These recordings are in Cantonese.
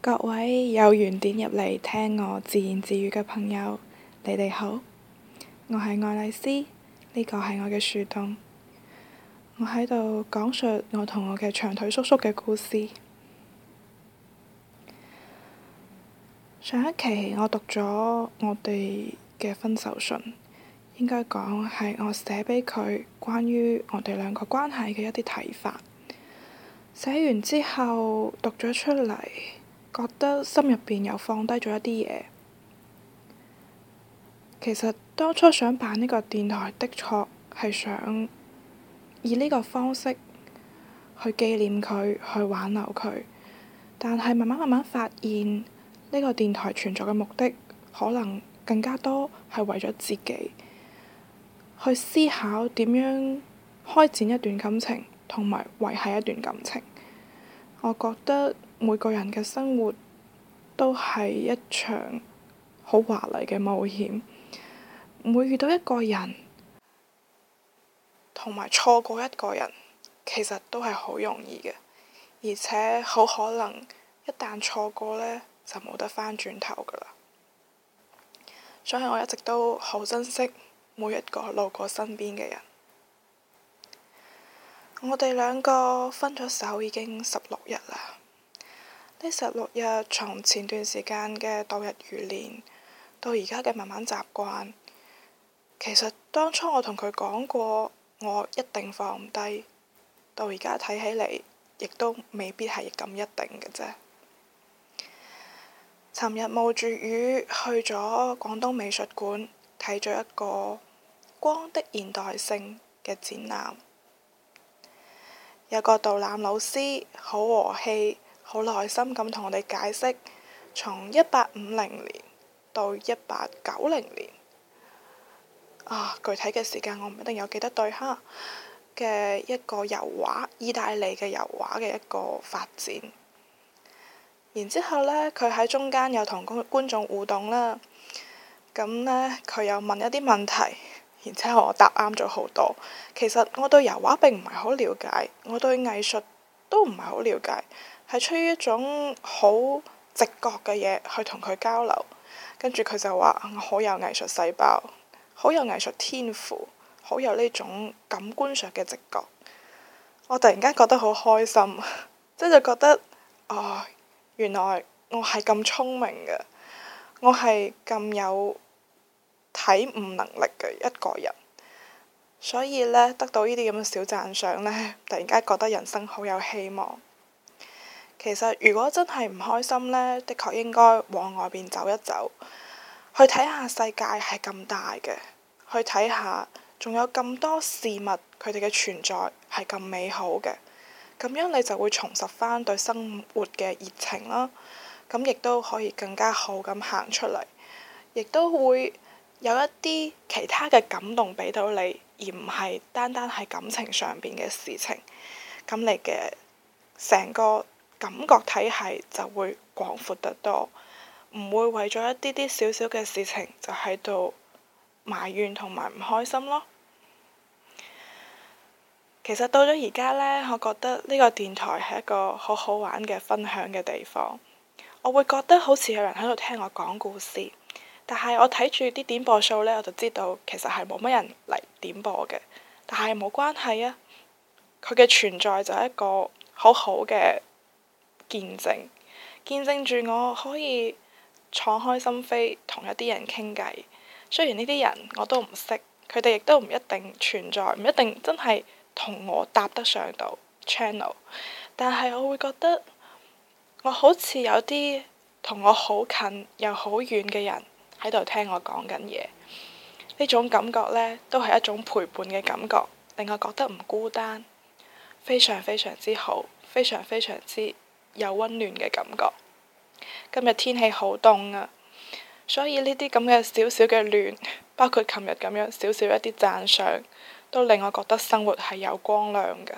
各位有緣點入嚟聽我自言自語嘅朋友，你哋好，我係愛麗絲，呢個係我嘅樹洞，我喺度講述我同我嘅長腿叔叔嘅故事。上一期我讀咗我哋嘅分手信，應該講係我寫畀佢關於我哋兩個關係嘅一啲睇法。寫完之後讀咗出嚟。覺得心入邊又放低咗一啲嘢。其實當初想辦呢個電台的確係想以呢個方式去紀念佢，去挽留佢。但係慢慢慢慢發現，呢個電台存在嘅目的可能更加多係為咗自己。去思考點樣開展一段感情，同埋維繫一段感情。我覺得。每個人嘅生活都係一場好華麗嘅冒險。每遇到一個人，同埋錯過一個人，其實都係好容易嘅，而且好可能一旦錯過呢，就冇得返轉頭㗎喇。所以我一直都好珍惜每一個路過身邊嘅人。我哋兩個分咗手已經十六日喇。呢十六日從前段時間嘅度日如年，到而家嘅慢慢習慣，其實當初我同佢講過，我一定放唔低，到而家睇起嚟，亦都未必係咁一定嘅啫。尋日冒住雨去咗廣東美術館睇咗一個《光的現代性》嘅展覽，有個導覽老師好和氣。好耐心咁同我哋解釋，從一八五零年到一八九零年啊，具體嘅時間我唔一定有記得對哈嘅一個油畫，意大利嘅油畫嘅一個發展。然之後呢，佢喺中間又同觀觀眾互動啦。咁呢，佢又問一啲問題，然之後我答啱咗好多。其實我對油畫並唔係好了解，我對藝術都唔係好了解。係出於一種好直覺嘅嘢去同佢交流，跟住佢就話：我好有藝術細胞，好有藝術天賦，好有呢種感官上嘅直覺。我突然間覺得好開心，即係就覺得，啊、哦，原來我係咁聰明嘅，我係咁有體悟能力嘅一個人。所以呢，得到呢啲咁嘅小讚賞呢，突然間覺得人生好有希望。其實，如果真係唔開心呢，的確應該往外邊走一走，去睇下世界係咁大嘅，去睇下仲有咁多事物佢哋嘅存在係咁美好嘅，咁樣你就會重拾返對生活嘅熱情啦。咁亦都可以更加好咁行出嚟，亦都會有一啲其他嘅感動俾到你，而唔係單單係感情上邊嘅事情。咁你嘅成個～感覺體系就會廣闊得多，唔會為咗一啲啲少少嘅事情就喺度埋怨同埋唔開心咯。其實到咗而家呢，我覺得呢個電台係一個好好玩嘅分享嘅地方。我會覺得好似有人喺度聽我講故事，但係我睇住啲點播數呢，我就知道其實係冇乜人嚟點播嘅。但係冇關係啊，佢嘅存在就係一個好好嘅。見證見證住我可以敞開心扉同一啲人傾偈。雖然呢啲人我都唔識，佢哋亦都唔一定存在，唔一定真係同我搭得上到 channel。但係我會覺得我好似有啲同我好近又好遠嘅人喺度聽我講緊嘢。呢種感覺咧，都係一種陪伴嘅感覺，令我覺得唔孤單，非常非常之好，非常非常之。有溫暖嘅感覺。今日天氣好凍啊，所以呢啲咁嘅小小嘅暖，包括琴日咁樣小小一啲讚賞，都令我覺得生活係有光亮噶。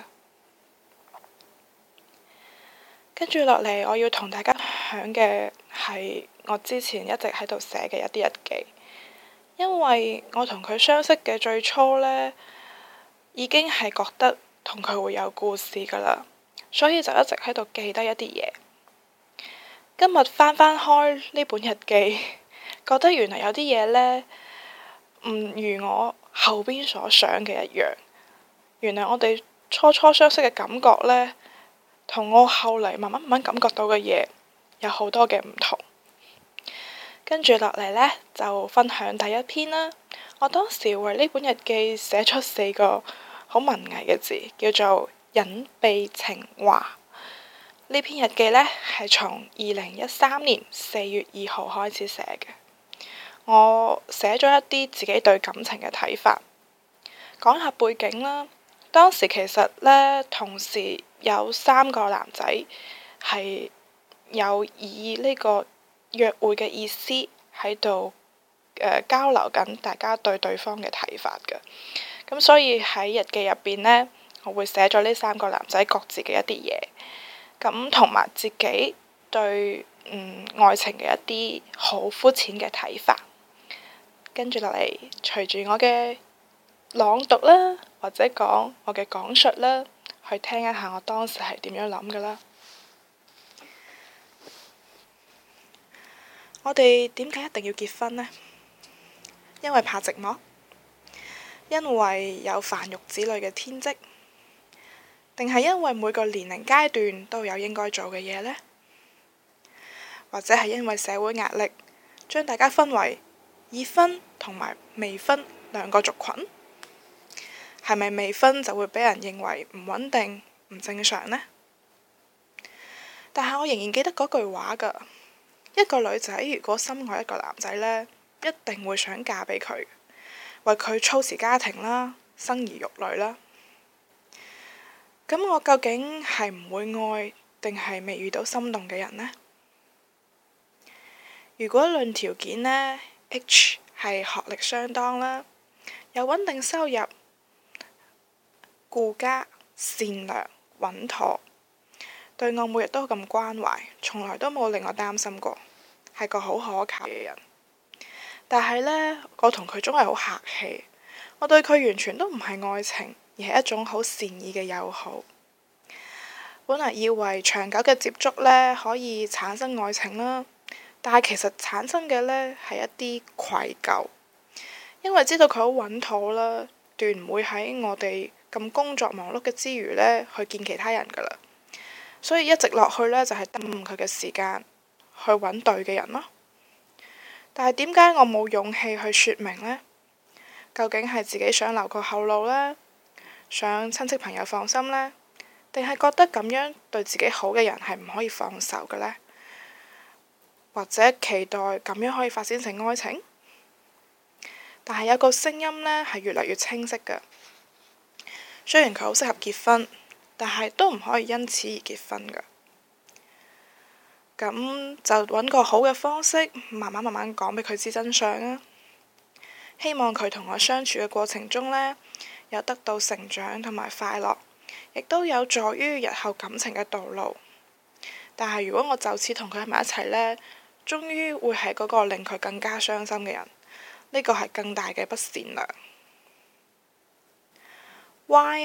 跟住落嚟，我要同大家分享嘅係我之前一直喺度寫嘅一啲日記，因為我同佢相識嘅最初呢，已經係覺得同佢會有故事噶啦。所以就一直喺度記得一啲嘢。今日翻翻開呢本日記，覺得原來有啲嘢呢唔如我後邊所想嘅一樣。原來我哋初初相識嘅感覺呢，同我後嚟慢慢慢慢感覺到嘅嘢有好多嘅唔同。跟住落嚟呢，就分享第一篇啦。我當時為呢本日記寫出四個好文藝嘅字，叫做。隱秘情話。呢篇日記呢，係從二零一三年四月二號開始寫嘅。我寫咗一啲自己對感情嘅睇法。講下背景啦，當時其實呢，同時有三個男仔係有以呢個約會嘅意思喺度、呃、交流緊，大家對對方嘅睇法嘅。咁所以喺日記入邊呢，我會寫咗呢三個男仔各自嘅一啲嘢，咁同埋自己對嗯愛情嘅一啲好膚淺嘅睇法，跟住落嚟，隨住我嘅朗讀啦，或者講我嘅講述啦，去聽一下我當時係點樣諗㗎啦。我哋點解一定要結婚呢？因為怕寂寞，因為有繁育子女嘅天職。定係因為每個年齡階段都有應該做嘅嘢呢？或者係因為社會壓力將大家分為已婚同埋未婚兩個族群，係咪未婚就會俾人認為唔穩定、唔正常呢？但係我仍然記得嗰句話㗎：一個女仔如果深愛一個男仔呢，一定會想嫁俾佢，為佢操持家庭啦，生兒育女啦。咁我究竟係唔會愛，定係未遇到心動嘅人呢？如果論條件呢，H 係學歷相當啦，有穩定收入，顧家、善良、穩妥，對我每日都咁關懷，從來都冇令我擔心過，係個好可靠嘅人。但係呢，我同佢總係好客氣，我對佢完全都唔係愛情。而係一種好善意嘅友好。本來以為長久嘅接觸呢，可以產生愛情啦，但係其實產生嘅呢，係一啲愧疚，因為知道佢好穩妥啦，斷唔會喺我哋咁工作忙碌嘅之餘呢去見其他人㗎喇。所以一直落去呢，就係耽誤佢嘅時間去揾對嘅人咯。但係點解我冇勇氣去説明呢？究竟係自己想留個後路呢？想親戚朋友放心呢？定係覺得咁樣對自己好嘅人係唔可以放手嘅呢？或者期待咁樣可以發展成愛情？但係有個聲音呢，係越嚟越清晰嘅，雖然佢好適合結婚，但係都唔可以因此而結婚嘅。咁就揾個好嘅方式，慢慢慢慢講俾佢知真相啊！希望佢同我相處嘅過程中呢。有得到成長同埋快樂，亦都有助於日後感情嘅道路。但係如果我就此同佢喺埋一齊呢，終於會係嗰個令佢更加傷心嘅人。呢個係更大嘅不善良。Why?